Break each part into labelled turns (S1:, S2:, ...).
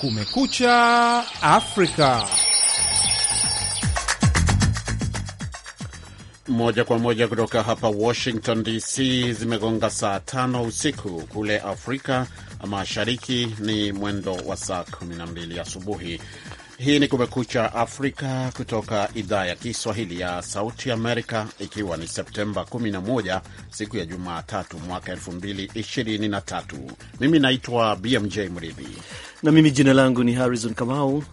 S1: Kumekucha Afrika.
S2: Moja kwa moja kutoka hapa Washington DC, zimegonga saa tano usiku. Kule Afrika Mashariki ni mwendo wa saa 12 asubuhi. Hii ni Kumekucha Afrika kutoka idhaa ya Kiswahili ya Sauti Amerika, ikiwa ni Septemba 11 siku ya Jumatatu mwaka 2023. Mimi naitwa BMJ Mridhi
S3: na mimi jina langu ni Harrison Kamau.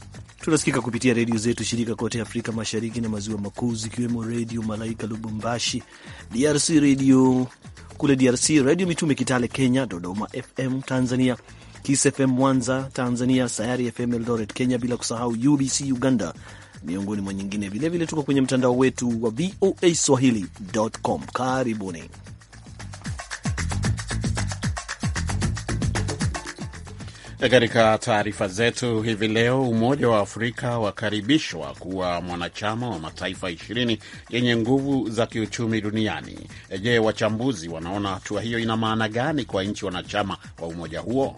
S3: Tunasikika kupitia redio zetu shirika kote Afrika Mashariki na Maziwa Makuu, zikiwemo Redio Malaika Lubumbashi DRC, redio kule DRC, Redio Mitume Kitale Kenya, Dodoma FM Tanzania, Kiss FM Mwanza Tanzania, Sayari FM Eldoret Kenya, bila kusahau UBC Uganda miongoni mwa nyingine. Vilevile tuko kwenye mtandao wetu wa VOA Swahili.com. Karibuni.
S2: Katika taarifa zetu hivi leo, Umoja wa Afrika wakaribishwa kuwa mwanachama wa mataifa ishirini yenye nguvu za kiuchumi duniani. Je, wachambuzi wanaona hatua hiyo ina maana gani kwa nchi wanachama wa umoja
S1: huo?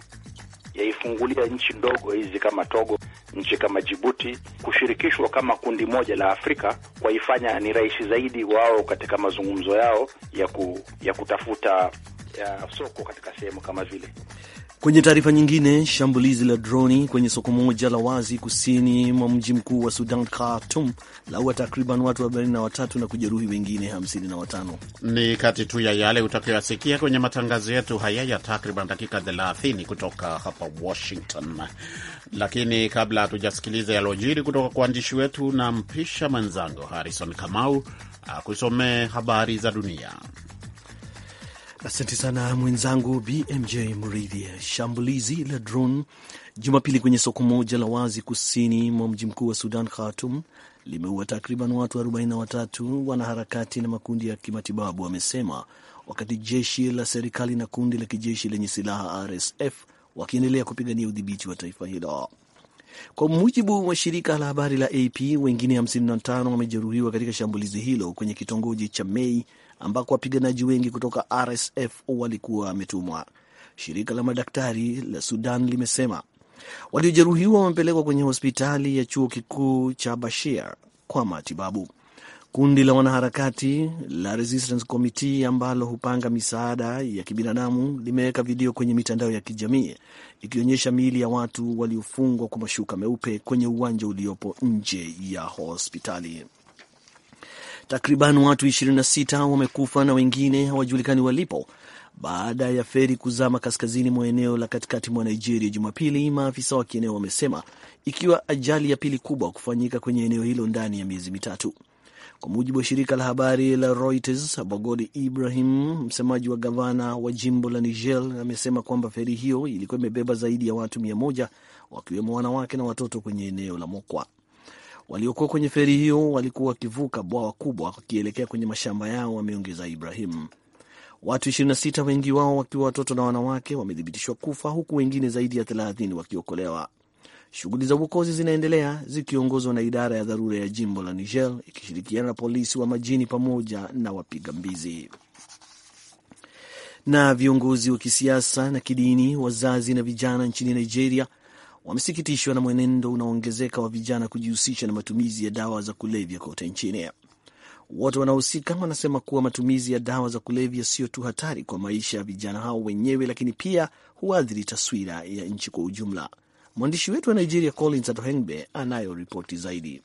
S4: yaifungulia nchi ndogo hizi kama Togo, nchi kama Jibuti kushirikishwa kama kundi moja la Afrika, kwaifanya ni rahisi zaidi wao katika mazungumzo yao ya, ku, ya kutafuta ya soko katika sehemu kama vile
S3: Kwenye taarifa nyingine, shambulizi la droni kwenye soko moja la wazi kusini mwa mji mkuu wa Sudan, Khartoum, laua takriban watu 43 na kujeruhi wengine 55.
S2: Ni kati tu ya yale utakayoyasikia kwenye matangazo yetu haya ya takriban dakika 30 kutoka hapa Washington. Lakini kabla hatujasikiliza yalojiri kutoka kwa waandishi wetu, na mpisha mwenzangu Harrison Kamau akusomee habari za
S3: dunia. Asante sana mwenzangu BMJ Mridhi. Shambulizi la drone Jumapili kwenye soko moja la wazi kusini mwa mji mkuu wa Sudan, khatum limeua takriban watu 43 wanaharakati na makundi ya kimatibabu wamesema, wakati jeshi la serikali na kundi la kijeshi lenye silaha RSF wakiendelea kupigania udhibiti wa taifa hilo. Kwa mujibu wa shirika la habari la AP, wengine 55 wamejeruhiwa katika shambulizi hilo kwenye kitongoji cha Mei ambako wapiganaji wengi kutoka RSF walikuwa wametumwa. Shirika la madaktari la Sudan limesema waliojeruhiwa wamepelekwa kwenye hospitali ya chuo kikuu cha Bashir kwa matibabu. Kundi la wanaharakati la Resistance Committee ambalo hupanga misaada ya kibinadamu limeweka video kwenye mitandao ya kijamii ikionyesha miili ya watu waliofungwa kwa mashuka meupe kwenye uwanja uliopo nje ya hospitali. Takriban watu 26 wamekufa na wengine hawajulikani walipo baada ya feri kuzama kaskazini mwa eneo la katikati mwa Nigeria Jumapili, maafisa wa kieneo wamesema, ikiwa ajali ya pili kubwa kufanyika kwenye eneo hilo ndani ya miezi mitatu, kwa mujibu wa shirika la habari la Reuters. Bogodi Ibrahim, msemaji wa gavana wa jimbo la Niger, amesema kwamba feri hiyo ilikuwa imebeba zaidi ya watu mia moja wakiwemo wanawake na watoto kwenye eneo la Mokwa waliokuwa kwenye feri hiyo walikuwa wakivuka bwawa kubwa wakielekea kwenye mashamba yao, wameongeza Ibrahim. Watu 26 wengi wao wakiwa watoto na wanawake wamethibitishwa kufa huku wengine zaidi ya 30 wakiokolewa. Shughuli za uokozi zinaendelea zikiongozwa na idara ya dharura ya jimbo la Niger ikishirikiana na polisi wa majini pamoja na wapiga mbizi. Na viongozi wa kisiasa na kidini, wazazi na vijana nchini Nigeria wamesikitishwa na mwenendo unaoongezeka wa vijana kujihusisha na matumizi ya dawa za kulevya kote nchini. Wote wanaohusika wanasema kuwa matumizi ya dawa za kulevya sio tu hatari kwa maisha ya vijana hao wenyewe, lakini pia huathiri taswira ya nchi kwa ujumla. Mwandishi wetu wa Nigeria, Collins Atohengbe, anayo ripoti zaidi.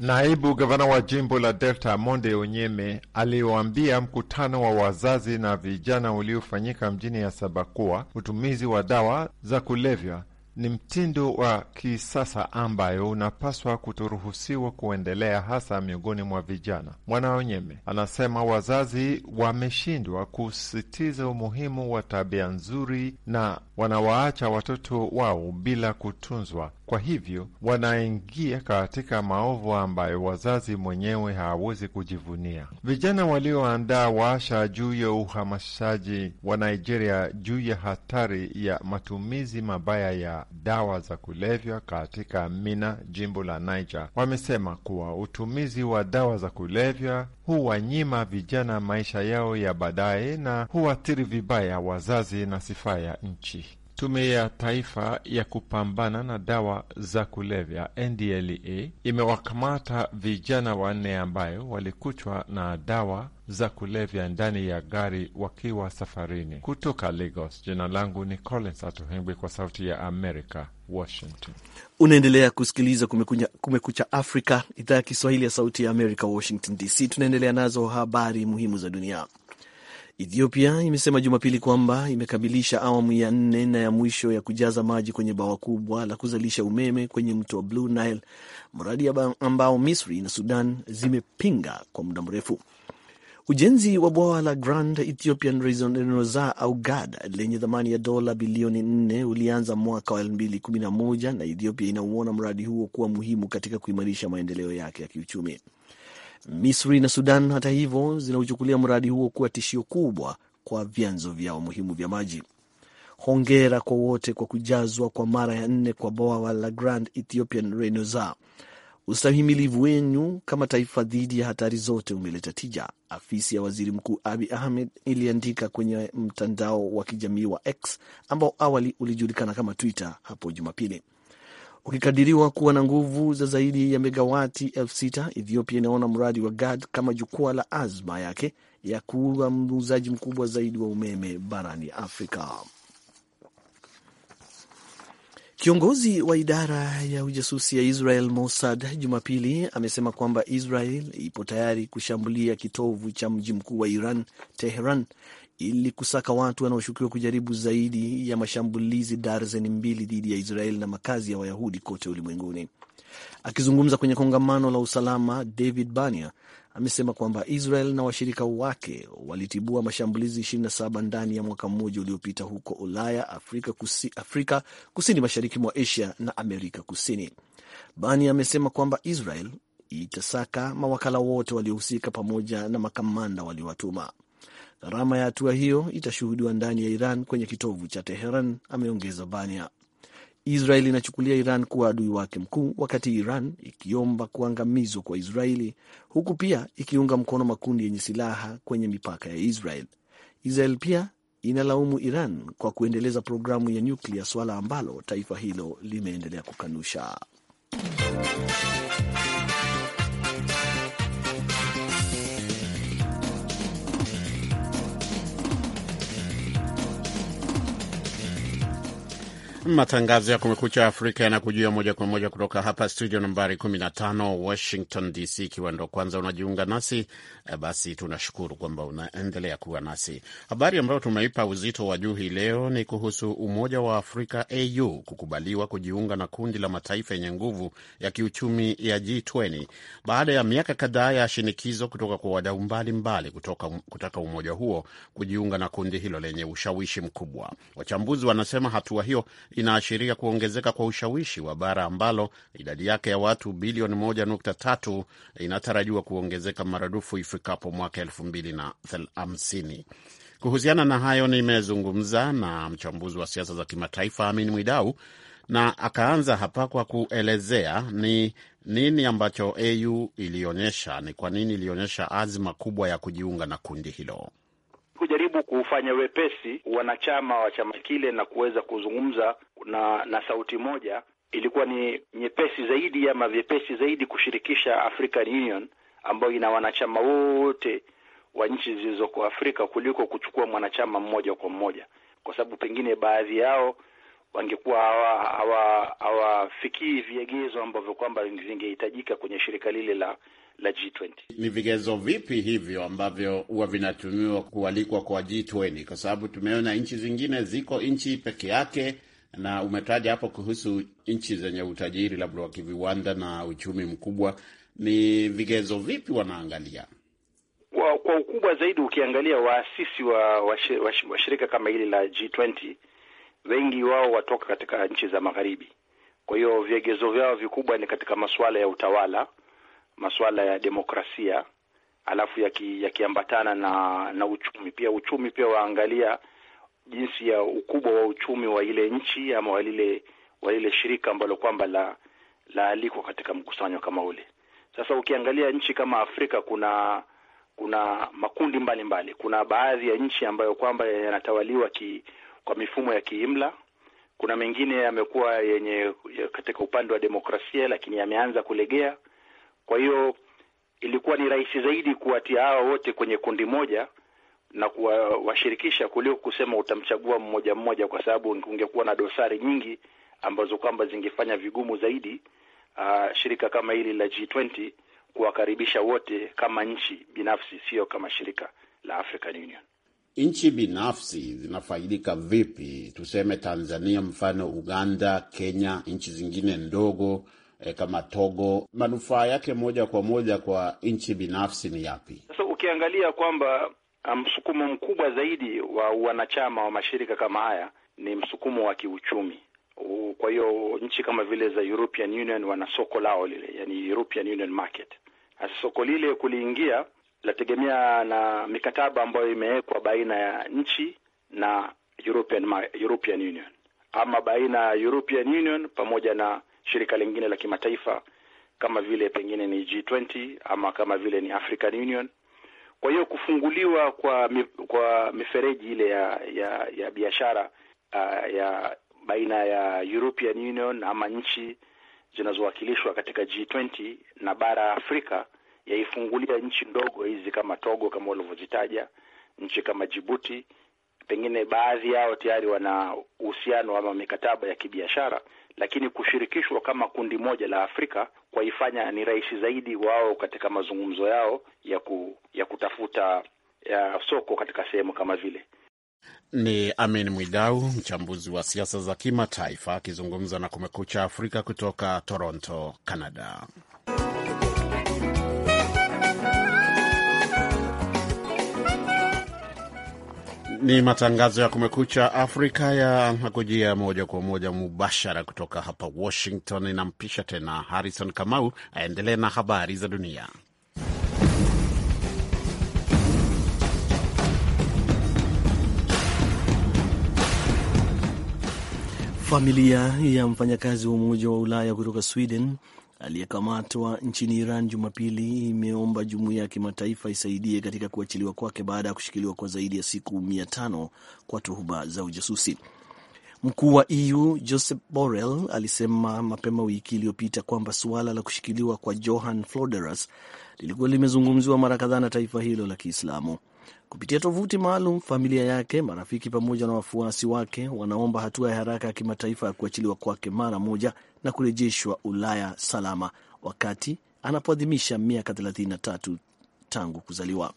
S5: Naibu gavana wa jimbo la Delta Monde Onyeme aliwaambia mkutano wa wazazi na vijana uliofanyika mjini ya Sabakua utumizi wa dawa za kulevya ni mtindo wa kisasa ambayo unapaswa kutoruhusiwa kuendelea, hasa miongoni mwa vijana. Mwanaonyeme anasema wazazi wameshindwa kusisitiza umuhimu wa tabia nzuri na wanawaacha watoto wao bila kutunzwa kwa hivyo wanaingia katika maovu ambayo wazazi mwenyewe hawawezi kujivunia. Vijana walioandaa waasha juu ya uhamasishaji wa Nigeria juu ya hatari ya matumizi mabaya ya dawa za kulevya katika Mina, jimbo la Niger, wamesema kuwa utumizi wa dawa za kulevya huwanyima vijana maisha yao ya baadaye na huathiri vibaya wazazi na sifa ya nchi. Tume ya Taifa ya Kupambana na Dawa za Kulevya, NDLEA, imewakamata vijana wanne ambayo walikutwa na dawa za kulevya ndani ya gari wakiwa safarini kutoka Lagos. Jina langu ni Collins Atuhengwi kwa Sauti ya Amerika, Washington.
S3: Unaendelea kusikiliza Kumekucha Afrika, idhaa ya Kiswahili ya Sauti ya Amerika, Washington DC. Tunaendelea nazo habari muhimu za dunia. Ethiopia imesema Jumapili kwamba imekamilisha awamu ya nne na ya mwisho ya kujaza maji kwenye bawa kubwa la kuzalisha umeme kwenye mto wa Blue Nile, mradi ambao Misri na Sudan zimepinga kwa muda mrefu. Ujenzi wa bwawa la Grand Ethiopian Renaissance au GAD lenye thamani ya dola bilioni nne ulianza mwaka wa 2011 na Ethiopia inauona mradi huo kuwa muhimu katika kuimarisha maendeleo yake ya kiuchumi. Misri na Sudan, hata hivyo, zinauchukulia mradi huo kuwa tishio kubwa kwa vyanzo vyao muhimu vya maji. Hongera kwa wote kwa kujazwa kwa mara ya nne kwa bwawa la Grand Ethiopian Renaissance. Ustahimilivu wenyu kama taifa dhidi ya hatari zote umeleta tija, afisi ya waziri mkuu Abi Ahmed iliandika kwenye mtandao wa kijamii wa X ambao awali ulijulikana kama Twitter hapo Jumapili ukikadiriwa kuwa na nguvu za zaidi ya megawati elfu sita. Ethiopia inaona mradi wa GAD kama jukwaa la azma yake ya kuwa muuzaji mkubwa zaidi wa umeme barani Afrika. Kiongozi wa idara ya ujasusi ya Israel Mossad Jumapili amesema kwamba Israel ipo tayari kushambulia kitovu cha mji mkuu wa Iran, Teheran, ili kusaka watu wanaoshukiwa kujaribu zaidi ya mashambulizi darzeni mbili dhidi ya Israeli na makazi ya Wayahudi kote ulimwenguni. Akizungumza kwenye kongamano la usalama, David Bania amesema kwamba Israel na washirika wake walitibua mashambulizi 27 ndani ya mwaka mmoja uliopita huko Ulaya, Afrika, kusi, Afrika kusini mashariki mwa Asia na Amerika Kusini. Bani amesema kwamba Israel itasaka mawakala wote waliohusika pamoja na makamanda waliowatuma. Gharama ya hatua hiyo itashuhudiwa ndani ya Iran kwenye kitovu cha Teheran, ameongeza Bania. Israel inachukulia Iran kuwa adui wake mkuu, wakati Iran ikiomba kuangamizwa kwa Israeli, huku pia ikiunga mkono makundi yenye silaha kwenye mipaka ya Israel. Israel pia inalaumu Iran kwa kuendeleza programu ya nyuklia, suala ambalo taifa hilo limeendelea kukanusha.
S2: Matangazo ya Kumekucha Afrika yanakujia moja kwa moja kutoka hapa studio nambari 15 Washington DC. Ikiwa ndo kwanza unajiunga nasi, eh, basi tunashukuru kwamba unaendelea kuwa nasi. Habari ambayo tumeipa uzito wa juu hii leo ni kuhusu Umoja wa Afrika au kukubaliwa kujiunga na kundi la mataifa yenye nguvu ya kiuchumi ya G20 baada ya miaka kadhaa ya shinikizo kutoka kwa wadau mbalimbali um, kutaka umoja huo kujiunga na kundi hilo lenye ushawishi mkubwa. Wachambuzi wanasema hatua hiyo inaashiria kuongezeka kwa ushawishi wa bara ambalo idadi yake ya watu bilioni 1.3 inatarajiwa kuongezeka maradufu ifikapo mwaka 2050. Kuhusiana na hayo, nimezungumza na mchambuzi wa siasa za kimataifa Amin Mwidau na akaanza hapa kwa kuelezea ni nini ambacho AU ilionyesha, ni kwa nini ilionyesha azma kubwa ya kujiunga na kundi hilo
S4: kujaribu kufanya wepesi wanachama wa chama kile na kuweza kuzungumza na, na sauti moja, ilikuwa ni nyepesi zaidi ama vyepesi zaidi kushirikisha African Union ambayo ina wanachama wote wa nchi zilizoko Afrika kuliko kuchukua mwanachama mmoja kwa mmoja, kwa sababu pengine baadhi yao wangekuwa hawafikii hawa, hawa viegezo ambavyo kwamba vingehitajika kwenye shirika lile la la G20.
S2: Ni vigezo vipi hivyo ambavyo huwa vinatumiwa kualikwa kwa G20? Kwa sababu tumeona nchi zingine ziko nchi peke yake, na umetaja hapo kuhusu nchi zenye utajiri labda wa kiviwanda na uchumi mkubwa. Ni vigezo vipi wanaangalia?
S4: Kwa, kwa ukubwa zaidi ukiangalia waasisi wa, wa, wa, wa shirika kama hili la G20 wengi wao watoka katika nchi za magharibi. Kwa hiyo vigezo vyao vikubwa ni katika masuala ya utawala masuala ya demokrasia alafu yakiambatana yaki na na uchumi pia. Uchumi pia waangalia jinsi ya ukubwa wa uchumi wa ile nchi ama walile wa lile shirika ambalo kwamba la laalikwa katika mkusanyo kama ule. Sasa ukiangalia nchi kama Afrika kuna kuna makundi mbalimbali mbali. Kuna baadhi ya nchi ambayo kwamba yanatawaliwa ki, kwa mifumo ya kiimla. Kuna mengine yamekuwa yenye katika upande wa demokrasia, lakini yameanza kulegea. Kwa hiyo ilikuwa ni rahisi zaidi kuwatia hawa wote kwenye kundi moja na kuwashirikisha kuliko kusema utamchagua mmoja mmoja, kwa sababu ungekuwa na dosari nyingi ambazo kwamba zingefanya vigumu zaidi uh, shirika kama hili la G20 kuwakaribisha wote kama nchi binafsi, sio kama shirika la African Union.
S2: Nchi binafsi zinafaidika vipi? Tuseme Tanzania, mfano Uganda, Kenya, nchi zingine ndogo e, kama Togo, manufaa yake moja kwa moja kwa nchi binafsi ni yapi?
S4: Sasa ukiangalia kwamba ah, msukumo mkubwa zaidi wa wanachama wa mashirika kama haya ni msukumo wa kiuchumi. Kwa hiyo nchi kama vile za European Union wana soko lao lile, yani European Union market. Hasa soko lile kuliingia lategemea na mikataba ambayo imewekwa baina ya nchi na European, European Union ama baina ya European Union pamoja na shirika lingine la kimataifa kama vile pengine ni G20 ama kama vile ni African Union. Kwa hiyo kufunguliwa kwa mi, kwa mifereji ile ya ya, ya biashara uh, ya baina ya European Union ama nchi zinazowakilishwa katika G20 na bara ya Afrika yaifungulia nchi ndogo hizi kama Togo kama walivyozitaja, nchi kama Djibouti, pengine baadhi yao tayari wana uhusiano ama mikataba ya kibiashara lakini kushirikishwa kama kundi moja la Afrika kwaifanya ni rahisi zaidi wao katika mazungumzo yao ya ku, ya kutafuta ya soko katika sehemu kama vile.
S2: Ni Amin Mwidau, mchambuzi wa siasa za kimataifa akizungumza na Kumekucha Afrika kutoka Toronto, Canada. Ni matangazo ya Kumekucha Afrika ya nakujia moja kwa moja mubashara kutoka hapa Washington. Inampisha tena Harrison Kamau aendelee na habari za dunia.
S3: Familia ya mfanyakazi wa Umoja wa Ulaya kutoka Sweden aliyekamatwa nchini Iran Jumapili imeomba jumuiya ya kimataifa isaidie katika kuachiliwa kwake baada ya kushikiliwa kwa zaidi ya siku mia tano kwa tuhuma za ujasusi. Mkuu wa EU Josep Borrell alisema mapema wiki iliyopita kwamba suala la kushikiliwa kwa Johan Floderus lilikuwa limezungumziwa mara kadhaa na taifa hilo la Kiislamu. Kupitia tovuti maalum, familia yake, marafiki pamoja na wafuasi wake wanaomba hatua ya haraka ya kimataifa ya kuachiliwa kwake mara moja na kurejeshwa Ulaya salama wakati anapoadhimisha miaka 33 tangu kuzaliwa.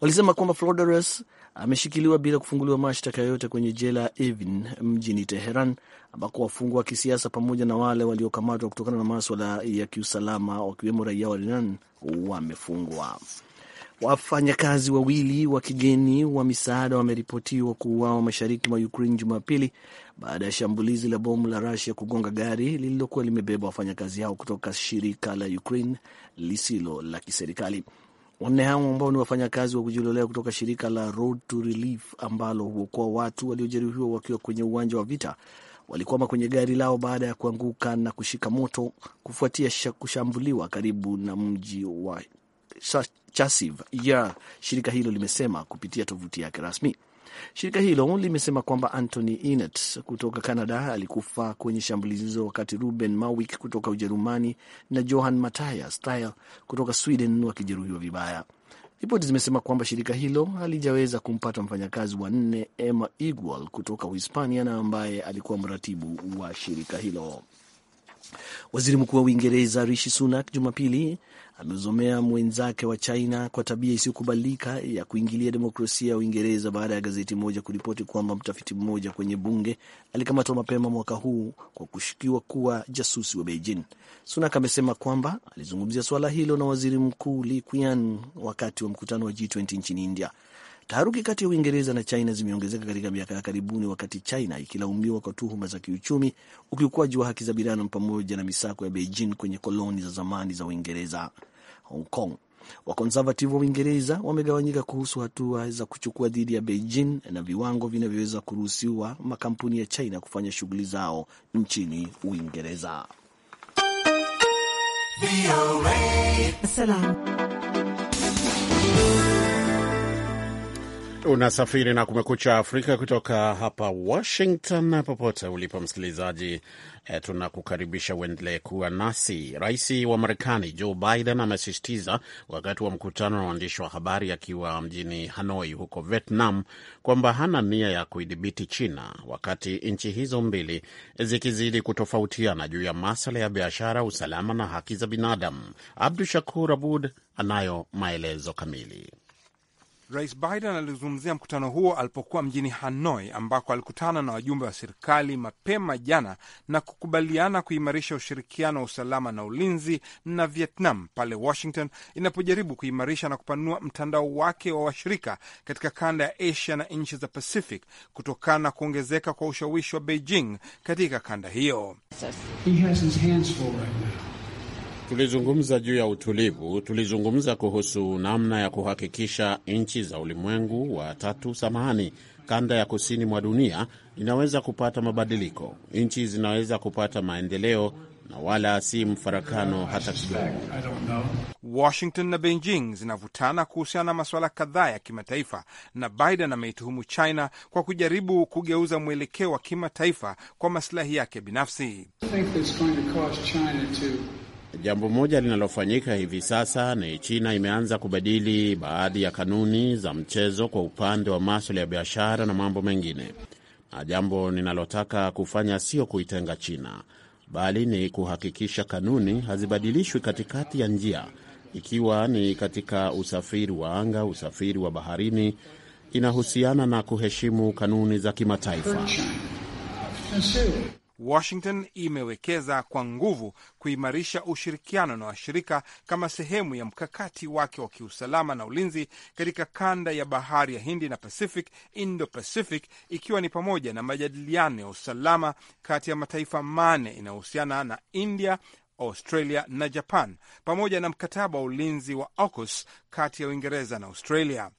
S3: Walisema kwamba floderes ameshikiliwa bila kufunguliwa mashtaka yoyote kwenye jela ya Evin mjini Teheran, ambako wafungwa wa kisiasa pamoja na wale waliokamatwa kutokana na maswala ya kiusalama wakiwemo raia wa Iran wamefungwa. Wafanyakazi wawili wa kigeni wa misaada wameripotiwa kuuawa mashariki mwa Ukraine Jumapili baada ya shambulizi la bomu la Rusia kugonga gari lililokuwa limebeba wafanyakazi hao kutoka shirika la Ukraine lisilo la kiserikali. Wanne hao ambao ni wafanyakazi wa kujitolea kutoka shirika la Road to Relief ambalo huokoa watu waliojeruhiwa wakiwa kwenye uwanja wa vita walikwama kwenye gari lao baada ya kuanguka na kushika moto kufuatia kushambuliwa karibu na mji wa Chasiv ya shirika hilo limesema kupitia tovuti yake rasmi. Shirika hilo limesema kwamba Anthony Inet kutoka Canada alikufa kwenye shambulizi hizo, wakati Ruben Mawik kutoka Ujerumani na Johan Mataya styl kutoka Sweden wakijeruhiwa vibaya. Ripoti zimesema kwamba shirika hilo halijaweza kumpata mfanyakazi wa nne Emma Igual kutoka Uhispania na ambaye alikuwa mratibu wa shirika hilo. Waziri Mkuu wa Uingereza Rishi Sunak Jumapili ameuzomea mwenzake wa China kwa tabia isiyokubalika ya kuingilia demokrasia ya Uingereza baada ya gazeti moja kuripoti kwamba mtafiti mmoja kwenye bunge alikamatwa mapema mwaka huu kwa kushukiwa kuwa jasusi wa Beijing. Sunak amesema kwamba alizungumzia suala hilo na waziri mkuu Li Qiang wakati wa mkutano wa G20 nchini India. Taharuki kati ya Uingereza na China zimeongezeka katika miaka ya karibuni, wakati China ikilaumiwa kwa tuhuma za kiuchumi, ukiukwaji wa haki za binadamu, pamoja na misako ya Beijing kwenye koloni za zamani za Uingereza, Hong Kong. Wakonservative wa Uingereza wamegawanyika kuhusu hatua za kuchukua dhidi ya Beijing na viwango vinavyoweza kuruhusiwa makampuni ya China kufanya shughuli zao nchini Uingereza.
S2: Unasafiri na Kumekucha Afrika kutoka hapa Washington. Popote ulipo msikilizaji, e, tunakukaribisha uendelee kuwa nasi. Rais wa Marekani Joe Biden amesisitiza wakati wa mkutano na waandishi wa habari akiwa mjini Hanoi huko Vietnam kwamba hana nia ya kuidhibiti China, wakati nchi hizo mbili zikizidi kutofautiana juu ya masala ya biashara, usalama na haki za binadamu. Abdu Shakur Abud anayo maelezo kamili.
S1: Rais Biden alizungumzia mkutano huo alipokuwa mjini Hanoi, ambako alikutana na wajumbe wa serikali mapema jana na kukubaliana kuimarisha ushirikiano wa usalama na ulinzi na Vietnam pale Washington inapojaribu kuimarisha na kupanua mtandao wake wa washirika katika kanda ya Asia na nchi za Pacific kutokana na kuongezeka kwa ushawishi wa Beijing katika kanda hiyo. Tulizungumza juu
S2: ya utulivu, tulizungumza kuhusu namna ya kuhakikisha nchi za ulimwengu wa tatu, samahani, kanda ya kusini mwa dunia inaweza kupata mabadiliko, nchi zinaweza kupata maendeleo na wala si mfarakano hata kidogo.
S1: Washington na Beijing zinavutana kuhusiana na masuala kadhaa ya kimataifa, na Biden ameituhumu China kwa kujaribu kugeuza mwelekeo wa kimataifa kwa masilahi yake binafsi.
S2: Jambo moja linalofanyika hivi sasa ni China imeanza kubadili baadhi ya kanuni za mchezo kwa upande wa maswala ya biashara na mambo mengine, na jambo ninalotaka kufanya sio kuitenga China, bali ni kuhakikisha kanuni hazibadilishwi katikati ya njia, ikiwa ni katika usafiri wa anga, usafiri wa baharini. Inahusiana na kuheshimu kanuni za kimataifa.
S1: Washington imewekeza kwa nguvu kuimarisha ushirikiano na washirika kama sehemu ya mkakati wake wa kiusalama na ulinzi katika kanda ya bahari ya Hindi na Pacific, Indo Pacific, ikiwa ni pamoja na majadiliano ya usalama kati ya mataifa mane inayohusiana na India, Australia na Japan, pamoja na mkataba wa ulinzi wa AUKUS kati ya Uingereza na Australia.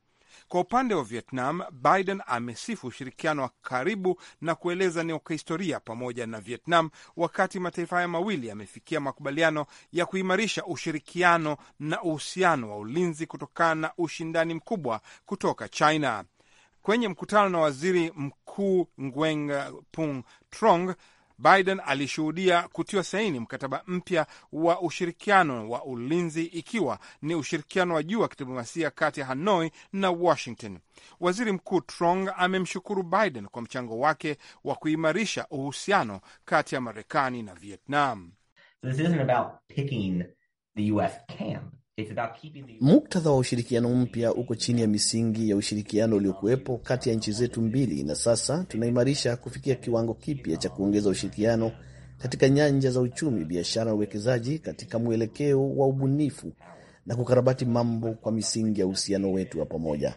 S1: Kwa upande wa Vietnam, Biden amesifu ushirikiano wa karibu na kueleza ni wa kihistoria pamoja na Vietnam, wakati mataifa haya mawili yamefikia makubaliano ya kuimarisha ushirikiano na uhusiano wa ulinzi kutokana na ushindani mkubwa kutoka China. Kwenye mkutano na waziri mkuu Nguyen Phu Trong Biden alishuhudia kutiwa saini mkataba mpya wa ushirikiano wa ulinzi, ikiwa ni ushirikiano wa juu wa kidiplomasia kati ya Hanoi na Washington. Waziri Mkuu Trong amemshukuru Biden kwa mchango wake wa kuimarisha uhusiano kati ya Marekani na Vietnam. So
S3: Muktadha wa ushirikiano mpya uko chini ya misingi ya ushirikiano uliokuwepo kati ya nchi zetu mbili, na sasa tunaimarisha kufikia kiwango kipya cha kuongeza ushirikiano katika nyanja za uchumi, biashara na uwekezaji, katika mwelekeo wa ubunifu na kukarabati mambo kwa misingi ya uhusiano wetu wa pamoja.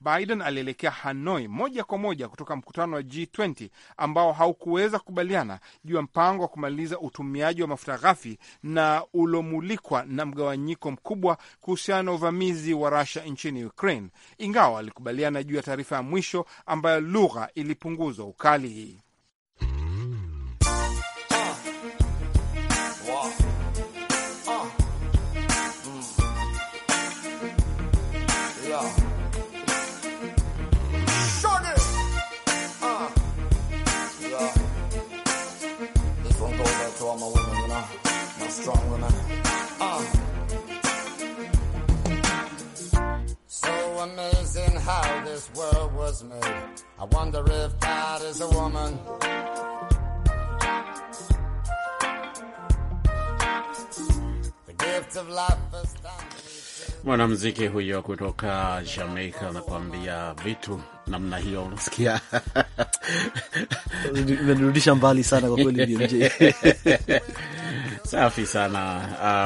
S1: Biden alielekea Hanoi moja kwa moja kutoka mkutano wa G20 ambao haukuweza kukubaliana juu ya mpango wa kumaliza utumiaji wa mafuta ghafi na ulomulikwa na mgawanyiko mkubwa kuhusiana na uvamizi wa Russia nchini Ukraine, ingawa alikubaliana juu ya taarifa ya mwisho ambayo lugha ilipunguzwa ukali. hii
S3: Yeah.
S2: I wonder if that is a woman.
S6: The gift of life is
S2: Mwanamziki huyo kutoka Jamaica anakuambia vitu namna hiyo,
S3: unasikia imenirudisha mbali sana kwa kweli BMJ
S2: Safi sana.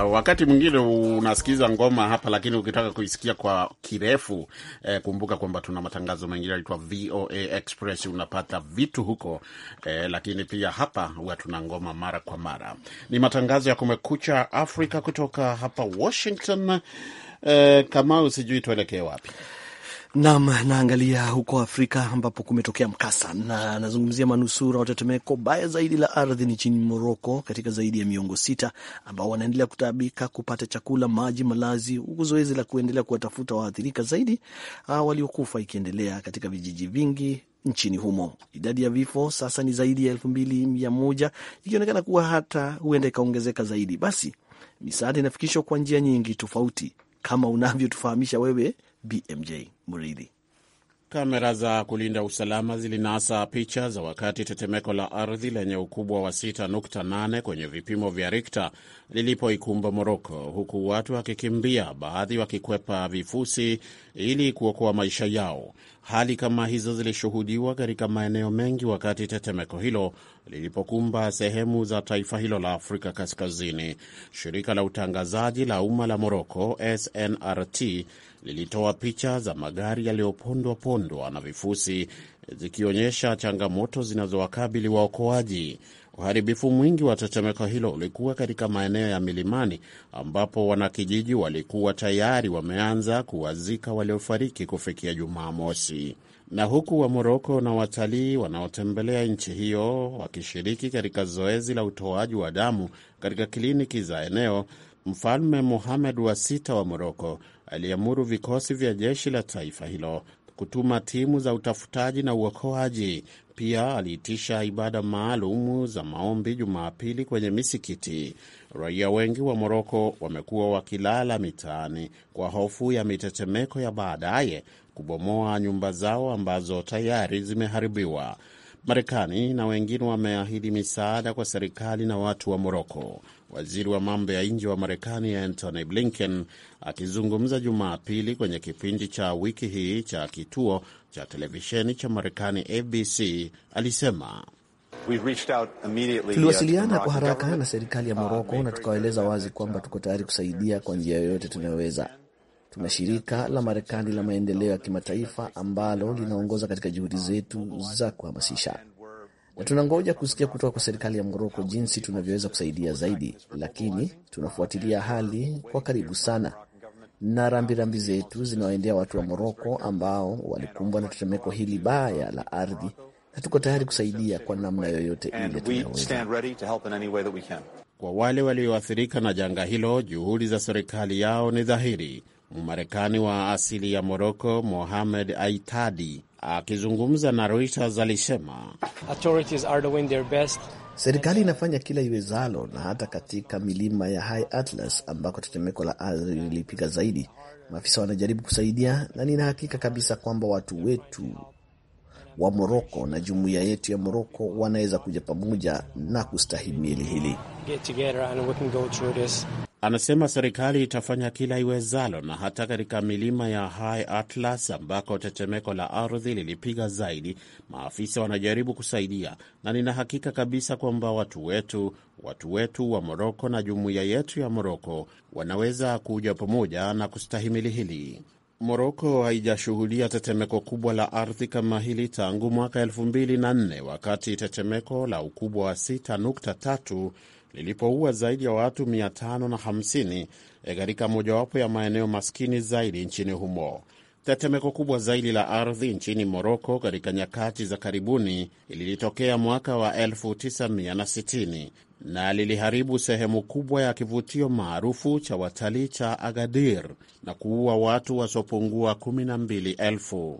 S2: Uh, wakati mwingine unasikiza ngoma hapa, lakini ukitaka kuisikia kwa kirefu eh, kumbuka kwamba tuna matangazo mengine yanaitwa VOA Express, unapata vitu huko eh, lakini pia hapa huwa tuna ngoma mara kwa mara. Ni matangazo ya Kumekucha Afrika kutoka hapa Washington. Eh, Kamau, sijui tuelekee wapi?
S3: Nam, naangalia huko Afrika ambapo kumetokea mkasa, na nazungumzia manusura wa tetemeko baya zaidi la ardhi nchini Moroko katika zaidi ya miongo sita, ambao wanaendelea kutaabika kupata chakula, maji, malazi, huku zoezi la kuendelea kuwatafuta waathirika zaidi ah, waliokufa ikiendelea katika vijiji vingi nchini humo. Idadi ya vifo sasa ni zaidi ya elfu mbili mia moja ikionekana kuwa hata huenda ikaongezeka zaidi. Basi misaada inafikishwa kwa njia nyingi tofauti, kama unavyotufahamisha wewe BMJ. Mridhi.
S2: Kamera za kulinda usalama zilinasa picha za wakati tetemeko la ardhi lenye ukubwa wa 6.8 kwenye vipimo vya Rikta lilipoikumba Moroko, huku watu wakikimbia, baadhi wakikwepa vifusi ili kuokoa maisha yao. Hali kama hizo zilishuhudiwa katika maeneo mengi wakati tetemeko hilo lilipokumba sehemu za taifa hilo la Afrika Kaskazini. Shirika la utangazaji la umma la Moroko, SNRT, lilitoa picha za magari yaliyopondwa pondwa na vifusi zikionyesha changamoto zinazowakabili waokoaji. Uharibifu mwingi wa tetemeko hilo ulikuwa katika maeneo ya milimani ambapo wanakijiji walikuwa tayari wameanza kuwazika waliofariki kufikia Jumamosi. Na huku wa Moroko na watalii wanaotembelea nchi hiyo wakishiriki katika zoezi la utoaji wa damu katika kliniki za eneo, Mfalme Mohamed wa Sita wa Moroko aliamuru vikosi vya jeshi la taifa hilo kutuma timu za utafutaji na uokoaji. Pia aliitisha ibada maalumu za maombi Jumapili kwenye misikiti. Raia wengi wa Moroko wamekuwa wakilala mitaani kwa hofu ya mitetemeko ya baadaye kubomoa nyumba zao ambazo tayari zimeharibiwa. Marekani na wengine wameahidi misaada kwa serikali na watu wa Moroko. Waziri wa mambo ya nje wa Marekani Antony Blinken akizungumza Jumapili kwenye kipindi cha wiki hii cha kituo cha televisheni cha Marekani ABC alisema
S3: Tuliwasiliana kwa haraka na serikali ya Moroko na tukawaeleza wazi kwamba tuko tayari kusaidia kwa njia yoyote tunayoweza. Tuna shirika la Marekani la maendeleo ya kimataifa ambalo linaongoza katika juhudi zetu za kuhamasisha, na tunangoja kusikia kutoka kwa serikali ya Moroko jinsi tunavyoweza kusaidia zaidi, lakini tunafuatilia hali kwa karibu sana na rambirambi zetu zinawaendea watu wa Moroko ambao walikumbwa na tetemeko hili baya la ardhi, na tuko tayari kusaidia kwa namna yoyote ile
S2: Kwa wale walioathirika na janga hilo, juhudi za serikali yao ni dhahiri Mmarekani wa asili ya Moroko, Mohamed Aitadi, akizungumza na Reuters
S3: alisema serikali inafanya kila iwezalo, na hata katika milima ya High Atlas ambako tetemeko la ardhi lilipiga zaidi, maafisa wanajaribu kusaidia, na nina hakika kabisa kwamba watu wetu wa Moroko na jumuiya yetu ya Moroko wanaweza kuja pamoja na kustahimili hili.
S2: Anasema serikali itafanya kila iwezalo, na hata katika milima ya High Atlas ambako tetemeko la ardhi lilipiga zaidi, maafisa wanajaribu kusaidia, na nina hakika kabisa kwamba watu wetu watu wetu wa Moroko na jumuiya yetu ya Moroko wanaweza kuja pamoja na kustahimili hili. Moroko haijashuhudia tetemeko kubwa la ardhi kama hili tangu mwaka 2004 wakati tetemeko la ukubwa wa 6.3 lilipoua zaidi ya watu 550 katika mojawapo ya maeneo maskini zaidi nchini humo. Tetemeko kubwa zaidi la ardhi nchini Moroko katika nyakati za karibuni lilitokea mwaka wa 1960 na liliharibu sehemu kubwa ya kivutio maarufu cha watalii cha Agadir na kuua watu wasiopungua 12,000.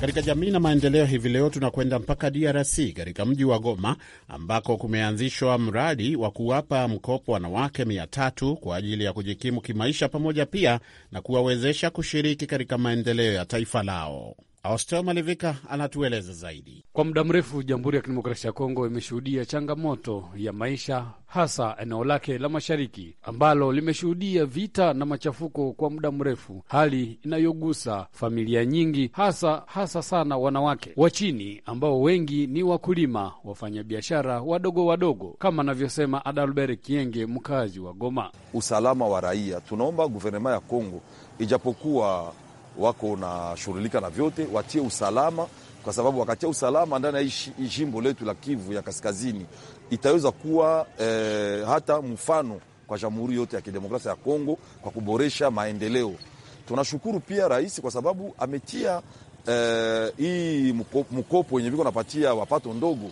S2: Katika jamii na maendeleo, hivi leo tunakwenda mpaka DRC katika mji wa Goma ambako kumeanzishwa mradi wa kuwapa mkopo wanawake mia tatu kwa ajili ya kujikimu kimaisha pamoja pia na kuwawezesha kushiriki katika maendeleo ya taifa lao. Austel Malivika anatueleza zaidi. Kwa muda mrefu, Jamhuri ya Kidemokrasia ya Kongo imeshuhudia changamoto
S6: ya maisha, hasa eneo lake la mashariki ambalo limeshuhudia vita na machafuko kwa muda mrefu, hali inayogusa familia nyingi, hasa hasa sana wanawake wa chini ambao wengi ni wakulima, wafanyabiashara wadogo wadogo, kama anavyosema Adalbert Kienge, mkazi wa Goma.
S1: Usalama wa raia, tunaomba guvernema ya Kongo ijapokuwa wako nashughulika na vyote, watie usalama, kwa sababu wakatia usalama ndani ya jimbo letu la Kivu ya Kaskazini itaweza kuwa eh, hata mfano kwa jamhuri yote ya kidemokrasia ya Kongo kwa kuboresha maendeleo. Tunashukuru pia rais kwa sababu ametia eh, hii mkopo wenye viko napatia wapato ndogo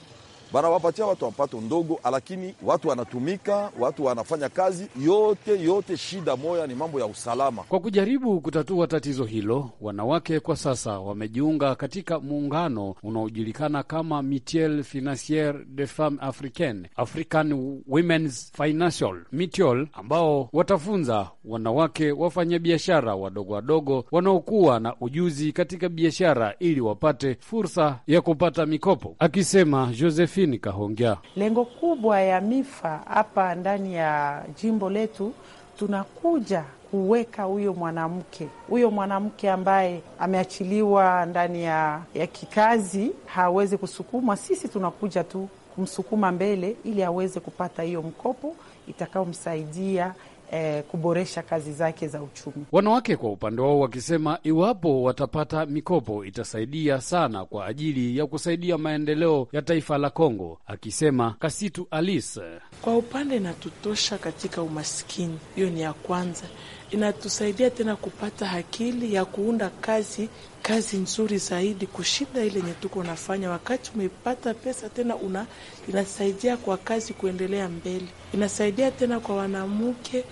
S1: wanawapatia watu wapato ndogo, lakini watu wanatumika, watu wanafanya kazi yote yote. Shida moya ni mambo ya usalama.
S6: Kwa kujaribu kutatua tatizo hilo, wanawake kwa sasa wamejiunga katika muungano unaojulikana kama Mitiel Financiere de Femmes Africaine, African Women's Financial Mitiol, ambao watafunza wanawake wafanyabiashara wadogo wadogo wanaokuwa na ujuzi katika biashara ili wapate fursa ya kupata mikopo, akisema Joseph Josephine Kahongya.
S5: Lengo kubwa ya MIFA hapa ndani ya jimbo letu tunakuja kuweka huyo mwanamke huyo mwanamke ambaye ameachiliwa ndani ya, ya kikazi hawezi kusukumwa. Sisi tunakuja tu kumsukuma mbele ili aweze kupata hiyo mkopo itakayomsaidia eh, kuboresha kazi zake za uchumi.
S6: Wanawake kwa upande wao wakisema iwapo watapata mikopo itasaidia sana kwa ajili ya kusaidia maendeleo ya taifa la Kongo, akisema Kasitu Alice.
S5: Kwa upande inatutosha katika umaskini, hiyo ni ya kwanza. Inatusaidia tena kupata akili ya kuunda kazi kazi nzuri zaidi kushinda ile yenye tuko unafanya. Wakati umepata pesa tena una, inasaidia kwa kazi kuendelea mbele, inasaidia tena kwa wanamke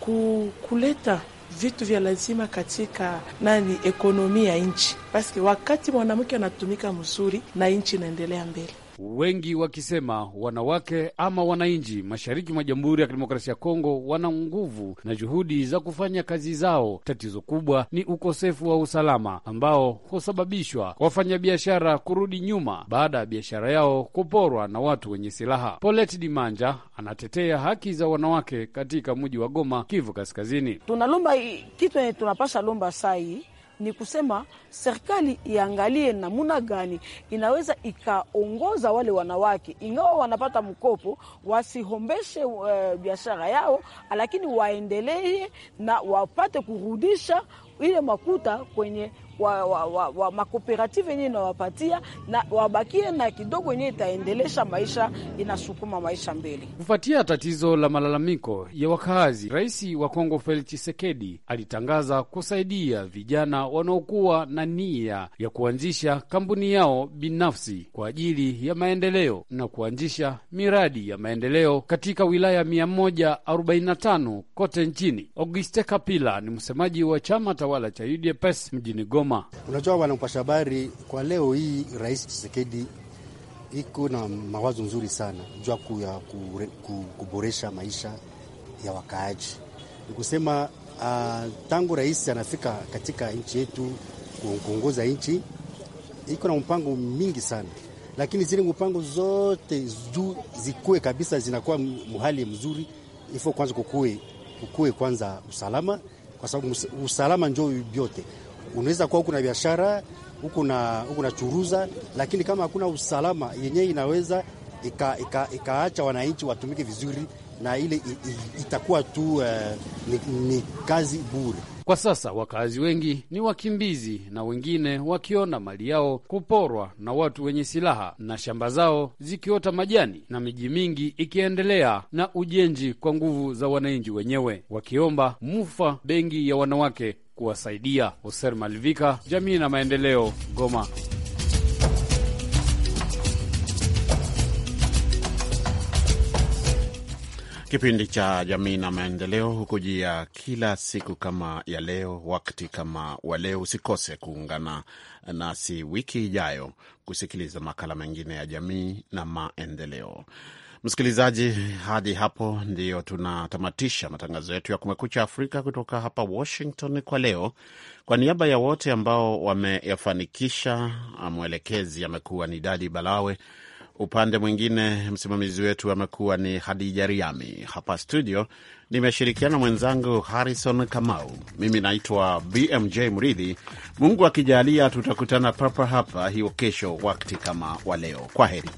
S5: ku, kuleta vitu vya lazima katika nani ekonomi ya nchi, paske wakati mwanamke
S3: anatumika mzuri na nchi inaendelea mbele
S6: wengi wakisema wanawake ama wananchi mashariki mwa Jamhuri ya Kidemokrasia ya Kongo wana nguvu na juhudi za kufanya kazi zao. Tatizo kubwa ni ukosefu wa usalama ambao husababishwa wafanyabiashara kurudi nyuma baada ya biashara yao kuporwa na watu wenye silaha. Polet Dimanja anatetea haki za wanawake katika mji wa Goma, Kivu Kaskazini.
S5: Tunalomba kitu tunapasha lomba sai ni kusema serikali iangalie namuna gani inaweza ikaongoza wale wanawake, ingawa wanapata mkopo, wasihombeshe uh, biashara yao, lakini waendelee na wapate kurudisha ile makuta kwenye wa, wa, wa, wa makooperative yenyewe inawapatia na wabakie na kidogo yenyewe itaendelesha maisha, inasukuma maisha mbele.
S6: Kufuatia tatizo la malalamiko ya wakaazi, rais wa Kongo Felix Tshisekedi alitangaza kusaidia vijana wanaokuwa na nia ya kuanzisha kampuni yao binafsi kwa ajili ya maendeleo na kuanzisha miradi ya maendeleo katika wilaya 145 kote nchini. Auguste Kapila ni msemaji wa chama tawala cha UDPS mjini Goma Goma. Unajua bwana mpasha habari, kwa leo hii Rais Tshisekedi iko na mawazo nzuri sana juu ya kuboresha maisha ya wakaaji. Ni kusema uh, tangu rais anafika katika nchi yetu kuongoza nchi iko na mpango mingi sana, lakini zile mpango zote juu zikuwe kabisa zinakuwa mhali mzuri, ifo kwanza kukue kukue kwanza usalama, kwa sababu usalama njoo vyote unaweza kuwa huku na biashara huku na huku na churuza, lakini kama hakuna usalama yenyewe inaweza ikaacha ika, ika wananchi watumike vizuri, na ile itakuwa tu uh, ni, ni kazi bure. Kwa sasa wakazi wengi ni wakimbizi na wengine wakiona mali yao kuporwa na watu wenye silaha na shamba zao zikiota majani na miji mingi ikiendelea na ujenzi kwa nguvu za wananchi wenyewe, wakiomba mufa bengi ya wanawake kuwasaidia. Hoser Malivika, jamii na maendeleo, Goma.
S2: Kipindi cha jamii na maendeleo hukujia kila siku kama ya leo, wakati kama wa leo. Usikose kuungana nasi wiki ijayo kusikiliza makala mengine ya jamii na maendeleo. Msikilizaji, hadi hapo ndiyo tunatamatisha matangazo yetu ya Kumekucha Afrika kutoka hapa Washington kwa leo. Kwa niaba ya wote ambao wameyafanikisha, mwelekezi amekuwa ni Dadi Balawe, upande mwingine msimamizi wetu amekuwa ni Hadija Riami. Hapa studio nimeshirikiana mwenzangu Harrison Kamau, mimi naitwa BMJ Mridhi. Mungu akijalia, tutakutana papa hapa hiyo kesho wakti kama wa leo. Kwa heri.